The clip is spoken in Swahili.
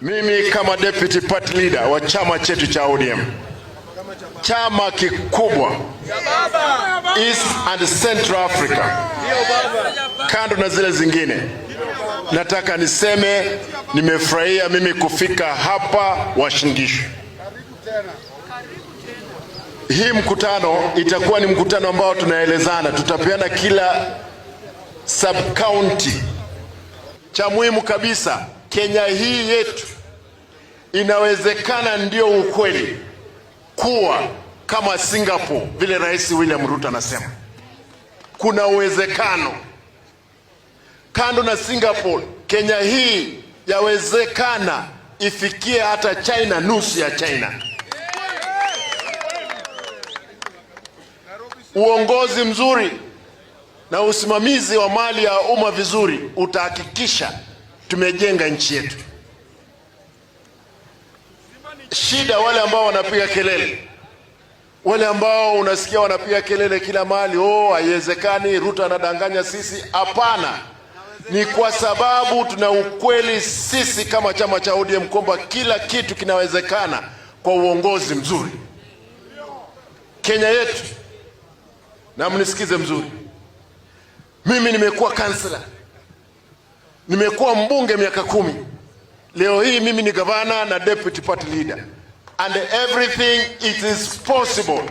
Mimi kama deputy party leader wa chama chetu cha ODM, chama kikubwa East and Central Africa, kando na zile zingine, nataka niseme nimefurahia mimi kufika hapa Washingishwe. Hii mkutano itakuwa ni mkutano ambao tunaelezana, tutapeana kila sub county. Cha muhimu kabisa Kenya hii yetu inawezekana, ndio ukweli kuwa kama Singapore, vile Rais William Ruto anasema kuna uwezekano. Kando na Singapore, Kenya hii yawezekana ifikie hata China, nusu ya China. Uongozi mzuri na usimamizi wa mali ya umma vizuri utahakikisha tumejenga nchi yetu. Shida wale ambao wanapiga kelele, wale ambao unasikia wanapiga kelele kila mahali, oh, haiwezekani, Ruto anadanganya sisi. Hapana, ni kwa sababu tuna ukweli. Sisi kama chama cha ODM kwamba kila kitu kinawezekana kwa uongozi mzuri. Kenya yetu, na mnisikize mzuri, mimi nimekuwa kansela Nimekuwa mbunge miaka kumi, leo hii mimi ni gavana na deputy party leader and everything it is possible.